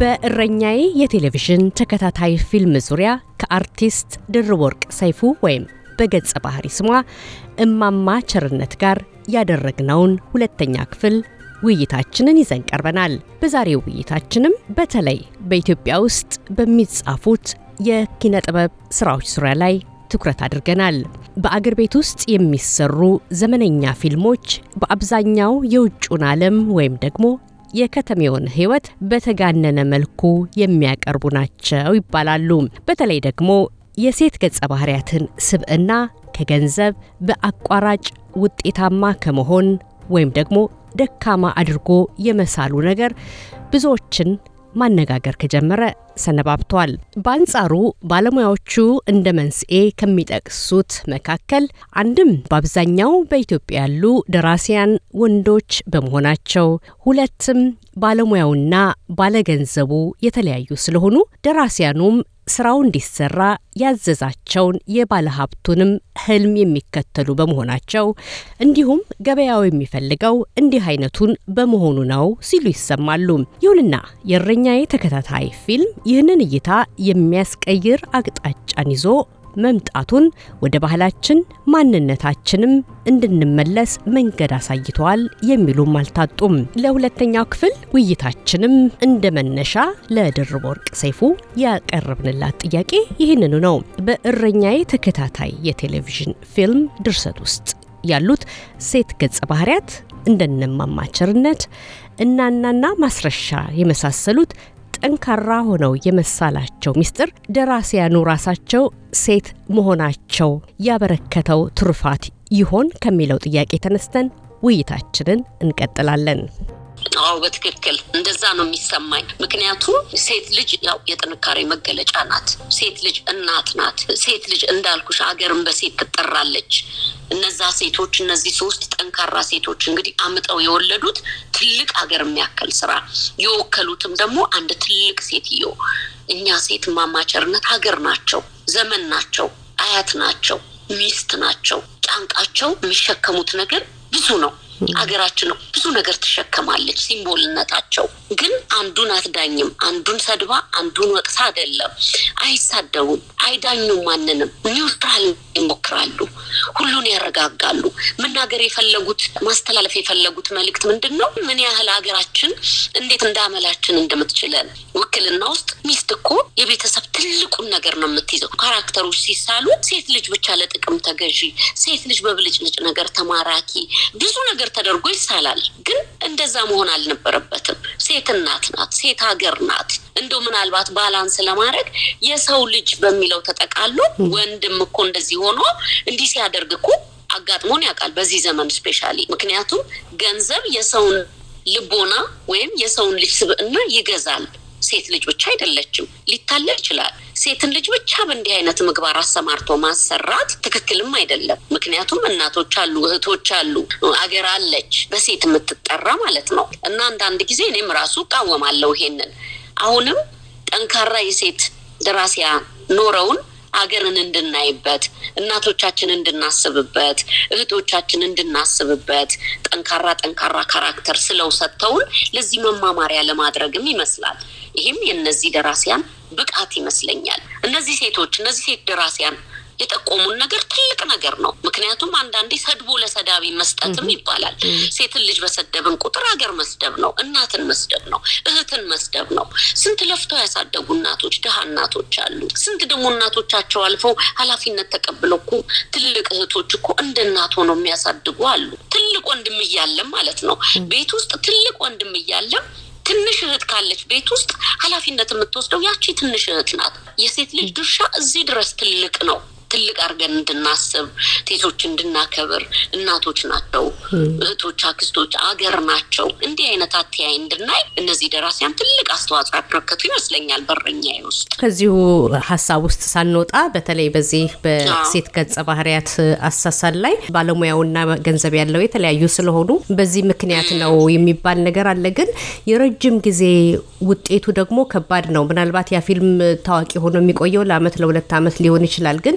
በእረኛዬ የቴሌቪዥን ተከታታይ ፊልም ዙሪያ ከአርቲስት ወርቅ ሰይፉ ወይም በገጸ ባህሪ ስሟ እማማ ቸርነት ጋር ያደረግነውን ሁለተኛ ክፍል ውይይታችንን ይዘን ቀርበናል። በዛሬው ውይይታችንም በተለይ በኢትዮጵያ ውስጥ በሚጻፉት የኪነ ጥበብ ስራዎች ዙሪያ ላይ ትኩረት አድርገናል። በአገር ቤት ውስጥ የሚሰሩ ዘመነኛ ፊልሞች በአብዛኛው የውጩን ዓለም ወይም ደግሞ የከተሜውን ህይወት በተጋነነ መልኩ የሚያቀርቡ ናቸው ይባላሉ። በተለይ ደግሞ የሴት ገጸ ባህሪያትን ስብዕና ከገንዘብ በአቋራጭ ውጤታማ ከመሆን ወይም ደግሞ ደካማ አድርጎ የመሳሉ ነገር ብዙዎችን ማነጋገር ከጀመረ ሰነባብቷል። በአንጻሩ ባለሙያዎቹ እንደ መንስኤ ከሚጠቅሱት መካከል አንድም በአብዛኛው በኢትዮጵያ ያሉ ደራሲያን ወንዶች በመሆናቸው፣ ሁለትም ባለሙያውና ባለገንዘቡ የተለያዩ ስለሆኑ ደራሲያኑም ስራው እንዲሰራ ያዘዛቸውን የባለሀብቱንም ህልም የሚከተሉ በመሆናቸው እንዲሁም ገበያው የሚፈልገው እንዲህ አይነቱን በመሆኑ ነው ሲሉ ይሰማሉ። ይሁንና የእረኛዬ ተከታታይ ፊልም ይህንን እይታ የሚያስቀይር አቅጣጫን ይዞ መምጣቱን ወደ ባህላችን ማንነታችንም እንድንመለስ መንገድ አሳይተዋል የሚሉም አልታጡም። ለሁለተኛው ክፍል ውይይታችንም እንደ መነሻ ለድርብ ወርቅ ሰይፉ ያቀረብንላት ጥያቄ ይህንኑ ነው። በእረኛዬ ተከታታይ የቴሌቪዥን ፊልም ድርሰት ውስጥ ያሉት ሴት ገጸ ባህሪያት እንደነማማቸርነት እናናና ማስረሻ የመሳሰሉት ጠንካራ ሆነው የመሳላቸው ምስጢር ደራሲያኑ ራሳቸው ሴት መሆናቸው ያበረከተው ትሩፋት ይሆን ከሚለው ጥያቄ ተነስተን ውይይታችንን እንቀጥላለን። አዎ በትክክል እንደዛ ነው የሚሰማኝ። ምክንያቱም ሴት ልጅ ያው የጥንካሬ መገለጫ ናት። ሴት ልጅ እናት ናት። ሴት ልጅ እንዳልኩሽ ሀገርን በሴት ትጠራለች። እነዛ ሴቶች እነዚህ ሶስት ጠንካራ ሴቶች እንግዲህ አምጠው የወለዱት ትልቅ ሀገር የሚያክል ስራ የወከሉትም ደግሞ አንድ ትልቅ ሴትዮ። እኛ ሴት ማማቸርነት ሀገር ናቸው፣ ዘመን ናቸው፣ አያት ናቸው፣ ሚስት ናቸው። ጫንቃቸው የሚሸከሙት ነገር ብዙ ነው። አገራችን ብዙ ነገር ትሸከማለች። ሲምቦልነታቸው ግን አንዱን አትዳኝም፣ አንዱን ሰድባ አንዱን ወቅሳ አይደለም አይሳደቡም። አይዳኙም ማንንም ኒውትራል ይሞክራሉ። ሁሉን ያረጋጋሉ። መናገር የፈለጉት ማስተላለፍ የፈለጉት መልእክት ምንድን ነው? ምን ያህል ሀገራችን እንዴት እንዳመላችን እንደምትችለን። ውክልና ውስጥ ሚስት እኮ የቤተሰብ ትልቁን ነገር ነው የምትይዘው። ካራክተሮች ሲሳሉ ሴት ልጅ ብቻ ለጥቅም ተገዢ፣ ሴት ልጅ በብልጭልጭ ነገር ተማራኪ፣ ብዙ ነገር ተደርጎ ይሳላል። ግን እንደዛ መሆን አልነበረበትም። ሴት እናት ናት፣ ሴት ሀገር ናት። እንደው ምናልባት ባላንስ ለማድረግ የሰው ልጅ በሚለው ብለው ተጠቃሎ ወንድም እኮ እንደዚህ ሆኖ እንዲህ ሲያደርግ እኮ አጋጥሞን ያውቃል። በዚህ ዘመን ስፔሻሊ ምክንያቱም ገንዘብ የሰውን ልቦና ወይም የሰውን ልጅ ስብዕና ይገዛል። ሴት ልጅ ብቻ አይደለችም፣ ሊታለል ይችላል። ሴትን ልጅ ብቻ በእንዲህ አይነት ምግባር አሰማርቶ ማሰራት ትክክልም አይደለም። ምክንያቱም እናቶች አሉ፣ እህቶች አሉ፣ አገር አለች በሴት የምትጠራ ማለት ነው። እና አንዳንድ ጊዜ እኔም ራሱ እቃወማለሁ ይሄንን አሁንም ጠንካራ የሴት ደራሲያ ኖረውን አገርን እንድናይበት እናቶቻችን እንድናስብበት እህቶቻችን እንድናስብበት ጠንካራ ጠንካራ ካራክተር ስለው ሰጥተውን ለዚህ መማማሪያ ለማድረግም ይመስላል። ይህም የእነዚህ ደራሲያን ብቃት ይመስለኛል። እነዚህ ሴቶች እነዚህ ሴት ደራሲያን የጠቆሙን ነገር ትልቅ ነገር ነው። ምክንያቱም አንዳንዴ ሰድቦ ለሰዳቢ መስጠትም ይባላል። ሴትን ልጅ በሰደብን ቁጥር ሀገር መስደብ ነው፣ እናትን መስደብ ነው፣ እህትን መስደብ ነው። ስንት ለፍተው ያሳደጉ እናቶች፣ ድሃ እናቶች አሉ። ስንት ደግሞ እናቶቻቸው አልፈው ኃላፊነት ተቀብለው እኮ ትልቅ እህቶች እኮ እንደ እናት ሆነው የሚያሳድጉ አሉ። ትልቅ ወንድም እያለም ማለት ነው ቤት ውስጥ ትልቅ ወንድም እያለም ትንሽ እህት ካለች ቤት ውስጥ ኃላፊነት የምትወስደው ያቺ ትንሽ እህት ናት። የሴት ልጅ ድርሻ እዚህ ድረስ ትልቅ ነው። ትልቅ አድርገን እንድናስብ ሴቶች እንድናከብር እናቶች ናቸው፣ እህቶች፣ አክስቶች፣ አገር ናቸው። እንዲህ አይነት አተያይ እንድናይ እነዚህ ደራሲያን ትልቅ አስተዋጽኦ ያበረከቱ ይመስለኛል። በረኛ ውስጥ ከዚሁ ሀሳብ ውስጥ ሳንወጣ በተለይ በዚህ በሴት ገጸ ባህሪያት አሳሳል ላይ ባለሙያውና ገንዘብ ያለው የተለያዩ ስለሆኑ በዚህ ምክንያት ነው የሚባል ነገር አለ። ግን የረጅም ጊዜ ውጤቱ ደግሞ ከባድ ነው። ምናልባት ያ ፊልም ታዋቂ ሆኖ የሚቆየው ለአመት ለሁለት አመት ሊሆን ይችላል ግን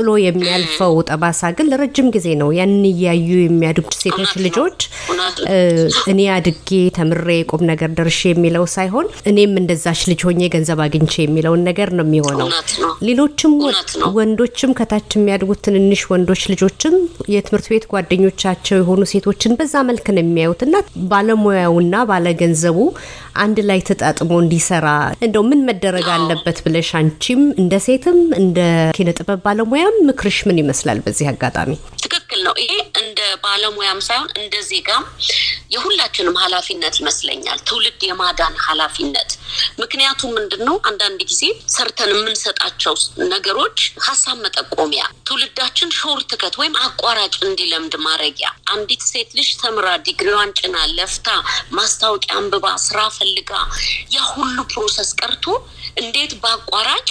ጥሎ የሚያልፈው ጠባሳ ግን ለረጅም ጊዜ ነው። ያን እያዩ የሚያድጉ ሴቶች ልጆች እኔ አድጌ ተምሬ ቁም ነገር ደርሼ የሚለው ሳይሆን እኔም እንደዛች ልጅ ሆኜ ገንዘብ አግኝቼ የሚለውን ነገር ነው የሚሆነው። ሌሎችም ወንዶችም ከታች የሚያድጉት ትንንሽ ወንዶች ልጆችም የትምህርት ቤት ጓደኞቻቸው የሆኑ ሴቶችን በዛ መልክ ነው የሚያዩት እና ባለሙያውና ባለገንዘቡ አንድ ላይ ተጣጥሞ እንዲሰራ እንደው ምን መደረግ አለበት ብለሽ አንቺም እንደ ሴትም እንደ ኪነ ጥበብ ባለሙያ ሙያም ምክርሽ ምን ይመስላል በዚህ አጋጣሚ? ትክክል ነው። ይሄ እንደ ባለሙያም ሳይሆን እንደ ዜጋም የሁላችንም ኃላፊነት ይመስለኛል፣ ትውልድ የማዳን ኃላፊነት። ምክንያቱም ምንድን ነው አንዳንድ ጊዜ ሰርተን የምንሰጣቸው ነገሮች ሀሳብ መጠቆሚያ፣ ትውልዳችን ሾርትከት ወይም አቋራጭ እንዲለምድ ማድረጊያ። አንዲት ሴት ልጅ ተምራ ዲግሪዋን ጭና ለፍታ ማስታወቂያ አንብባ ስራ ፈልጋ ያ ሁሉ ፕሮሰስ ቀርቶ እንዴት በአቋራጭ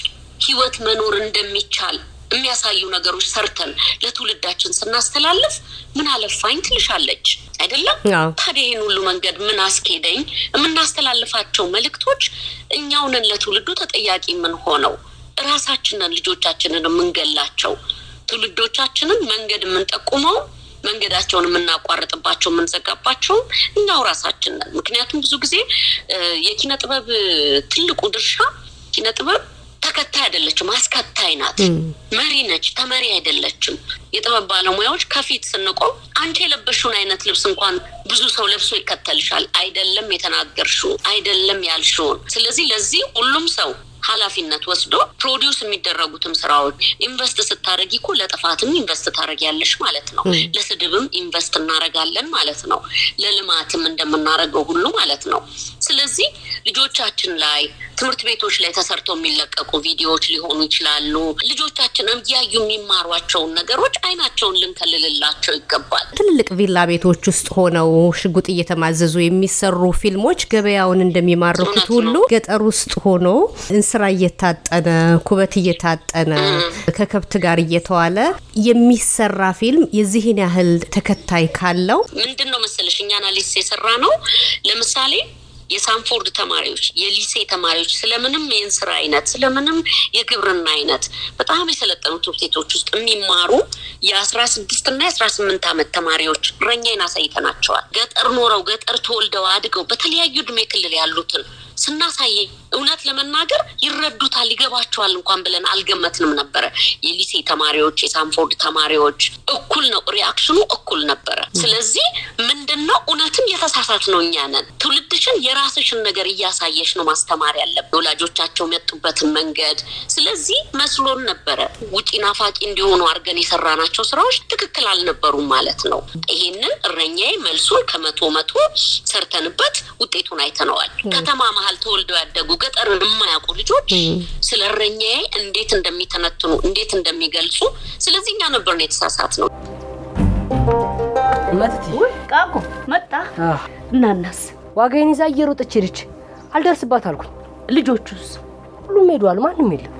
ህይወት መኖር እንደሚቻል የሚያሳዩ ነገሮች ሰርተን ለትውልዳችን ስናስተላልፍ ምን አለፋኝ ትልሻለች አይደለም? ታዲያ ይህን ሁሉ መንገድ ምን አስኬደኝ? የምናስተላልፋቸው መልእክቶች እኛውንን ለትውልዱ ተጠያቂ የምንሆነው እራሳችንን ልጆቻችንን የምንገላቸው ትውልዶቻችንን መንገድ የምንጠቁመው መንገዳቸውን የምናቋርጥባቸው የምንዘጋባቸው እኛው ራሳችን ነን። ምክንያቱም ብዙ ጊዜ የኪነ ጥበብ ትልቁ ድርሻ ኪነ ጥበብ ተከታይ አይደለችም፣ አስከታይ ናት። መሪ ነች፣ ተመሪ አይደለችም። የጥበብ ባለሙያዎች ከፊት ስንቆም አንቺ የለበሽውን አይነት ልብስ እንኳን ብዙ ሰው ለብሶ ይከተልሻል። አይደለም የተናገርሽው፣ አይደለም ያልሽውን። ስለዚህ ለዚህ ሁሉም ሰው ኃላፊነት ወስዶ ፕሮዲውስ የሚደረጉትም ስራዎች ኢንቨስት ስታደረጊ እኮ ለጥፋትም ኢንቨስት ታደረጊያለሽ ማለት ነው። ለስድብም ኢንቨስት እናደረጋለን ማለት ነው። ለልማትም እንደምናደርገው ሁሉ ማለት ነው። ስለዚህ ልጆቻችን ላይ ትምህርት ቤቶች ላይ ተሰርተው የሚለቀቁ ቪዲዮዎች ሊሆኑ ይችላሉ። ልጆቻችን እያዩ የሚማሯቸውን ነገሮች አይናቸውን ልንከልልላቸው ይገባል። ትልልቅ ቪላ ቤቶች ውስጥ ሆነው ሽጉጥ እየተማዘዙ የሚሰሩ ፊልሞች ገበያውን እንደሚማርኩት ሁሉ ገጠር ውስጥ ሆኖ እንስራ እየታጠነ ኩበት እየታጠነ ከከብት ጋር እየተዋለ የሚሰራ ፊልም የዚህን ያህል ተከታይ ካለው ምንድን ነው መሰለሽ እኛ አሊስ የሰራ ነው ለምሳሌ የሳንፎርድ ተማሪዎች፣ የሊሴ ተማሪዎች ስለምንም የእንስራ አይነት ስለምንም የግብርና አይነት በጣም የሰለጠኑ ትምህርት ቤቶች ውስጥ የሚማሩ የአስራ ስድስት እና የአስራ ስምንት ዓመት ተማሪዎች እረኛዬን አሳይተናቸዋል። ገጠር ኖረው ገጠር ተወልደው አድገው በተለያዩ እድሜ ክልል ያሉትን ስናሳይ እውነት ለመናገር ይረዱታል፣ ይገባቸዋል እንኳን ብለን አልገመትንም ነበረ። የሊሴ ተማሪዎች፣ የሳንፎርድ ተማሪዎች እኩል ነው፣ ሪአክሽኑ እኩል ነበረ። ስለዚህ ምንድን ነው እውነትም የተሳሳት ነው እኛ ነን። ትውልድሽን የራስሽን ነገር እያሳየሽ ነው ማስተማር ያለብን፣ ወላጆቻቸው የመጡበትን መንገድ። ስለዚህ መስሎን ነበረ ውጪ ናፋቂ እንዲሆኑ አድርገን የሰራናቸው ስራዎች ትክክል አልነበሩም ማለት ነው። ይሄንን እረኛዬ መልሱን ከመቶ መቶ ሰርተንበት ውጤቱን አይተነዋል። ከተማ መሀል ተወልደው ያደጉ ገጠርን የማያውቁ ልጆች ስለ እረኛዬ እንዴት እንደሚተነትኑ እንዴት እንደሚገልጹ፣ ስለዚህ እኛ ነበር ነው የተሳሳት ነው። ቃቁ መጣ እናናስ ዋጋዬን ይዛ እየሮጠች ሄደች። አልደርስባት አልኩኝ። ልጆቹስ ሁሉም ሄደዋል። ማንም የለም።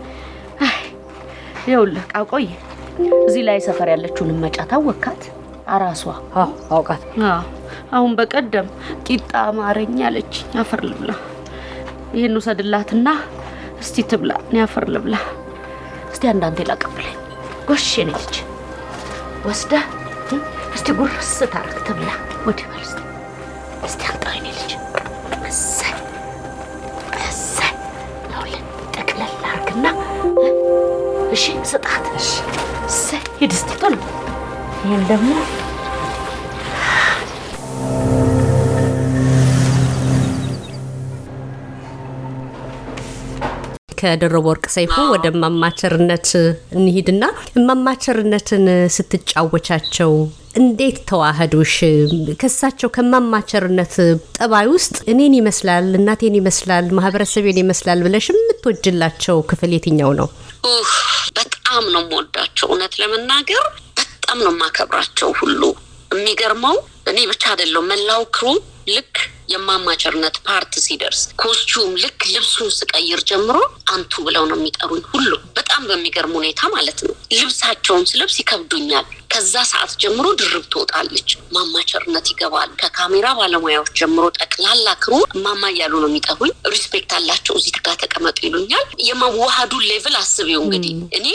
ይኸውልህ ቃቆይ፣ እዚህ ላይ ሰፈር ያለችውን መጫት አወካት አራሷ አውቃት። አሁን በቀደም ቂጣ ማረኝ አለች። አፈር ልብላ ይህን ውሰድላትና እስቲ ትብላ። እኔ አፈር ልብላ። እስቲ አንዳንዴ ላቀብለኝ። ጎሽ የኔ ልጅ ወስደ እስቲ ጉርስ ታረግ ትብላ። ወዲህ በል እስቲ እስቲ የኔ ልጅ እሰይ እሰይ። ጠቅለል እሺ ስጣት። እሺ እሰይ ሂድ እስቲ ቶሎ ይህን ደግሞ ከደሮ ወርቅ ሰይፉ ወደ ማማቸርነት እንሂድና ማማቸርነትን ስትጫወቻቸው እንዴት ተዋህዱሽ? ከሳቸው ከማማቸርነት ጠባይ ውስጥ እኔን ይመስላል፣ እናቴን ይመስላል፣ ማህበረሰቤን ይመስላል ብለሽ የምትወጅላቸው ክፍል የትኛው ነው? በጣም ነው የምወዳቸው። እውነት ለመናገር በጣም ነው የማከብራቸው። ሁሉ የሚገርመው እኔ ብቻ አይደለሁም መላው ክሩ ልክ የማማቸርነት ፓርት ሲደርስ ኮስቹም ልክ ልብሱን ስቀይር ጀምሮ አንቱ ብለው ነው የሚጠሩኝ ሁሉ በጣም በሚገርም ሁኔታ ማለት ነው። ልብሳቸውን ስለብስ ይከብዱኛል። ከዛ ሰዓት ጀምሮ ድርብ ትወጣለች። ማማቸርነት ይገባል። ከካሜራ ባለሙያዎች ጀምሮ ጠቅላላ ክሩ ማማ እያሉ ነው የሚጠሩኝ። ሪስፔክት አላቸው። እዚህ ጋር ተቀመጡ ይሉኛል። የመዋሃዱን ሌቭል አስቢው እንግዲህ። እኔ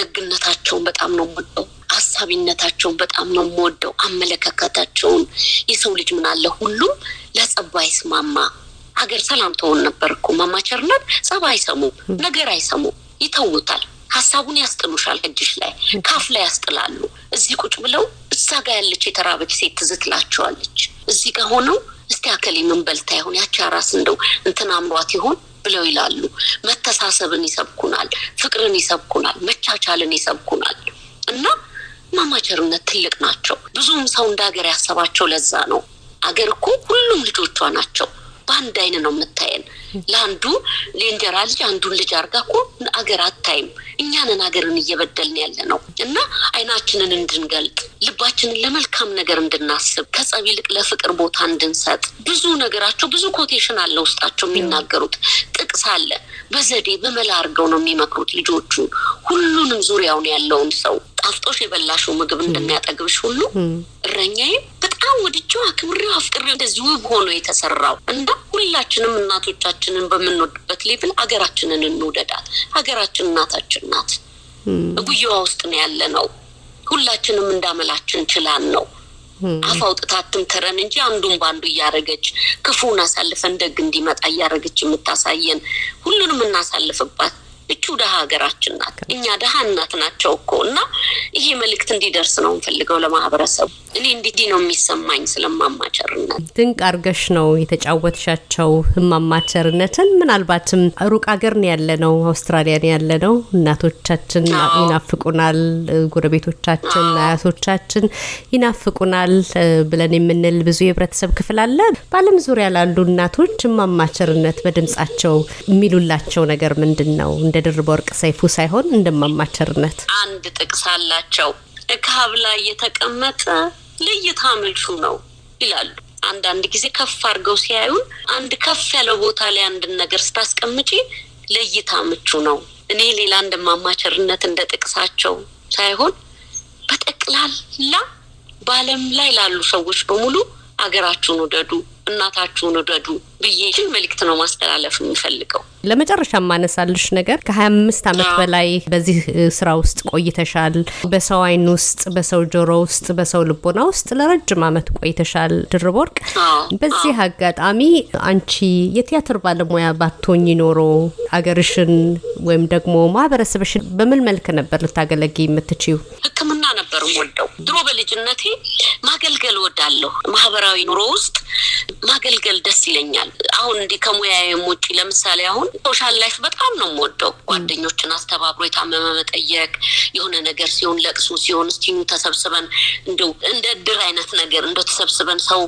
ደግነታቸውን በጣም ነው የምወደው። አሳቢነታቸውን በጣም ነው የምወደው። አመለካከታቸውን የሰው ልጅ ምናለ አለ ሁሉም ለጸብ አይስማማ ሀገር ሰላም ትሆን ነበር እኮ ማማቸርነት ጸብ አይሰሙ ነገር አይሰሙም፣ ይተውታል። ሀሳቡን ያስጥሉሻል። እጅሽ ላይ ካፍ ላይ ያስጥላሉ። እዚህ ቁጭ ብለው እዛ ጋ ያለች የተራበች ሴት ትዝትላቸዋለች። እዚህ ጋ ሆነው እስቲ አከሌ ምን በልታ ይሆን ያቺ አራስ እንደው እንትን አምሯት ይሆን ብለው ይላሉ። መተሳሰብን ይሰብኩናል፣ ፍቅርን ይሰብኩናል፣ መቻቻልን ይሰብኩናል። እና ማማቸርነት ትልቅ ናቸው። ብዙም ሰው እንደ ሀገር ያሰባቸው ለዛ ነው። አገር እኮ ሁሉም ልጆቿ ናቸው። በአንድ አይን ነው የምታየን። ለአንዱ ሌንጀራ ልጅ አንዱን ልጅ አርጋ እኮ አገር አታይም። እኛንን ሀገርን እየበደልን ያለ ነው እና አይናችንን እንድንገልጥ ልባችንን ለመልካም ነገር እንድናስብ ከጸብ ይልቅ ለፍቅር ቦታ እንድንሰጥ ብዙ ነገራቸው ብዙ ኮቴሽን አለ ውስጣቸው የሚናገሩት ጥቅስ አለ። በዘዴ በመላ አድርገው ነው የሚመክሩት ልጆቹ ሁሉንም ዙሪያውን ያለውን ሰው ጣፍጦሽ የበላሽው ምግብ እንደሚያጠግብሽ ሁሉ እረኛዬም በጣም ወድጄው አክብሬው አፍቅሬው እንደዚህ ውብ ሆኖ የተሰራው እና ሁላችንም እናቶቻችንን በምንወድበት ሌብል ሀገራችንን እንውደዳት። ሀገራችን እናታችን ናት። ጉያዋ ውስጥ ነው ያለ ነው። ሁላችንም እንዳመላችን ችላን ነው አፍ አውጥታ አትምከረን እንጂ አንዱን በአንዱ እያደረገች ክፉን አሳልፈን ደግ እንዲመጣ እያደረገች የምታሳየን ሁሉንም እናሳልፍባት እቺው ደሀ ሀገራችን ናት። እኛ ደሀ እናት ናቸው እኮ እና ይሄ መልእክት እንዲደርስ ነው እንፈልገው ለማህበረሰቡ። እኔ እንዲህ ነው የሚሰማኝ ስለማማቸርነት። ድንቅ አርገሽ ነው የተጫወትሻቸው እማማቸርነትን። ምናልባትም ሩቅ ሀገር ነው ያለ ነው አውስትራሊያን ያለ ነው እናቶቻችን ይናፍቁናል፣ ጎረቤቶቻችን፣ አያቶቻችን ይናፍቁናል ብለን የምንል ብዙ የህብረተሰብ ክፍል አለ። በዓለም ዙሪያ ላሉ እናቶች እማማቸርነት በድምጻቸው የሚሉላቸው ነገር ምንድን ነው እንደ ድርብ ወርቅ ሰይፉ ሳይሆን እንደማማቸርነት አንድ ጥቅስ አላቸው። እካብ ላይ የተቀመጠ ለእይታ ምቹ ነው ይላሉ። አንዳንድ ጊዜ ከፍ አድርገው ሲያዩን አንድ ከፍ ያለው ቦታ ላይ አንድን ነገር ስታስቀምጪ ለእይታ ምቹ ነው። እኔ ሌላ እንደማማቸርነት እንደ ጥቅሳቸው ሳይሆን በጠቅላላ በዓለም ላይ ላሉ ሰዎች በሙሉ አገራችሁን ውደዱ እናታችሁን ውደዱ ብዬ መልእክት ነው ማስተላለፍ የምፈልገው። ለመጨረሻ የማነሳልሽ ነገር ከሀያ አምስት ዓመት በላይ በዚህ ስራ ውስጥ ቆይተሻል። በሰው አይን ውስጥ፣ በሰው ጆሮ ውስጥ፣ በሰው ልቦና ውስጥ ለረጅም ዓመት ቆይተሻል ድርብ ወርቅ። በዚህ አጋጣሚ አንቺ የቲያትር ባለሙያ ባቶኝ ኖሮ አገርሽን ወይም ደግሞ ማህበረሰብሽን በምን መልክ ነበር ልታገለግ የምትችው? ነበር ወደው ድሮ በልጅነቴ ማገልገል ወዳለሁ። ማህበራዊ ኑሮ ውስጥ ማገልገል ደስ ይለኛል። አሁን እንዲህ ከሙያዬም ውጭ ለምሳሌ አሁን ሶሻል ላይፍ በጣም ነው የምወደው። ጓደኞችን አስተባብሮ የታመመ መጠየቅ፣ የሆነ ነገር ሲሆን፣ ለቅሶ ሲሆን እስቲ ተሰብስበን እንደው እንደ ድር አይነት ነገር እንደ ተሰብስበን ሰው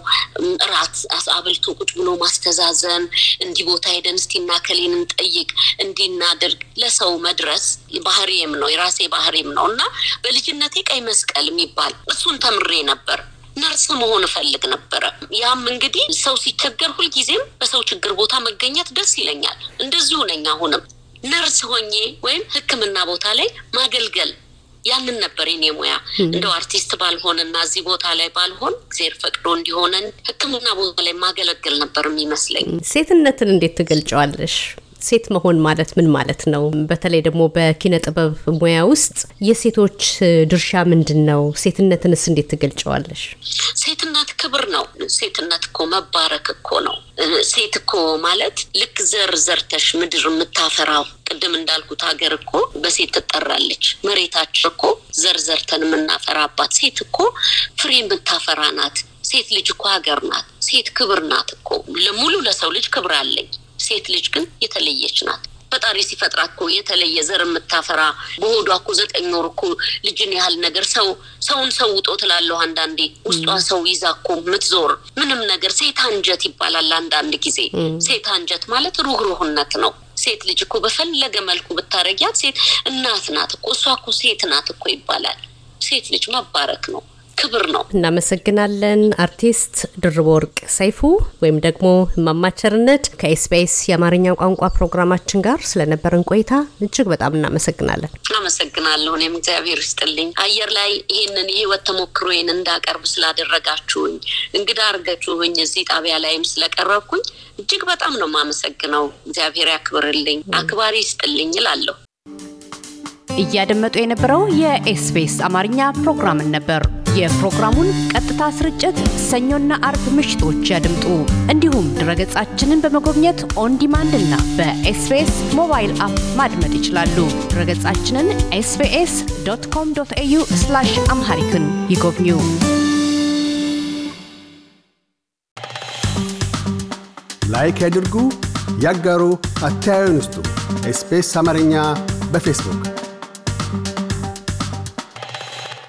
ራት አብልቶ ቁጭ ብሎ ማስተዛዘን፣ እንዲህ ቦታ ሄደን እስቲ እና ከሌንን ጠይቅ እንዲናደርግ ለሰው መድረስ ባህሪም ነው የራሴ ባህሪም ነው እና በልጅነቴ ቀይ መስቀል የሚባል እሱን ተምሬ ነበር። ነርስ መሆን እፈልግ ነበረ። ያም እንግዲህ ሰው ሲቸገር ሁልጊዜም በሰው ችግር ቦታ መገኘት ደስ ይለኛል። እንደዚሁ ነኝ። አሁንም ነርስ ሆኜ ወይም ሕክምና ቦታ ላይ ማገልገል ያንን ነበር የኔ ሙያ። እንደው አርቲስት ባልሆንና እዚህ ቦታ ላይ ባልሆን እግዜር ፈቅዶ እንዲሆነን ሕክምና ቦታ ላይ ማገለገል ነበር የሚመስለኝ። ሴትነትን እንዴት ትገልጨዋለሽ? ሴት መሆን ማለት ምን ማለት ነው? በተለይ ደግሞ በኪነ ጥበብ ሙያ ውስጥ የሴቶች ድርሻ ምንድን ነው? ሴትነትንስ እንዴት ትገልጨዋለሽ? ሴትነት ክብር ነው። ሴትነት እኮ መባረክ እኮ ነው። ሴት እኮ ማለት ልክ ዘር ዘርተሽ ምድር የምታፈራው ቅድም እንዳልኩት ሀገር እኮ በሴት ትጠራለች። መሬታችን እኮ ዘር ዘርተን የምናፈራባት ሴት እኮ ፍሬ የምታፈራ ናት። ሴት ልጅ እኮ ሀገር ናት። ሴት ክብር ናት እኮ ለሙሉ ለሰው ልጅ ክብር አለኝ ሴት ልጅ ግን የተለየች ናት። ፈጣሪ ሲፈጥራ እኮ የተለየ ዘር የምታፈራ በሆዷ እኮ ዘጠኝ ወር እኮ ልጅን ያህል ነገር ሰው ሰውን ውጦ ትላለሁ። አንዳንዴ ውስጧ ሰው ይዛ እኮ የምትዞር ምንም ነገር ሴት አንጀት ይባላል። አንዳንድ ጊዜ ሴት አንጀት ማለት ሩህሩህነት ነው። ሴት ልጅ እኮ በፈለገ መልኩ ብታረጊያት ሴት እናት ናት እኮ እሷ እኮ ሴት ናት እኮ ይባላል። ሴት ልጅ መባረክ ነው። ክብር ነው። እናመሰግናለን። አርቲስት ድርብ ወርቅ ሰይፉ ወይም ደግሞ ማማቸርነት ከኤስቢኤስ የአማርኛ ቋንቋ ፕሮግራማችን ጋር ስለነበረን ቆይታ እጅግ በጣም እናመሰግናለን። አመሰግናለሁ። እኔም እግዚአብሔር ይስጥልኝ። አየር ላይ ይህንን የህይወት ተሞክሮዬን እንዳቀርብ ስላደረጋችሁኝ፣ እንግዳ አርገችሁኝ እዚህ ጣቢያ ላይም ስለቀረብኩኝ እጅግ በጣም ነው የማመሰግነው። እግዚአብሔር ያክብርልኝ፣ አክባሪ ይስጥልኝ እላለሁ። እያደመጡ የነበረው የኤስቢኤስ አማርኛ ፕሮግራምን ነበር። የፕሮግራሙን ቀጥታ ስርጭት ሰኞና አርብ ምሽቶች ያድምጡ። እንዲሁም ድረገጻችንን በመጎብኘት ኦን ዲማንድ እና በኤስቤስ ሞባይል አፕ ማድመጥ ይችላሉ። ድረገጻችንን ኤስቤስ ዶት ኮም ዶት ኤዩ አምሃሪክን ይጎብኙ። ላይክ ያድርጉ፣ ያጋሩ፣ አስተያየትዎን ይስጡ። ኤስቤስ አማርኛ በፌስቡክ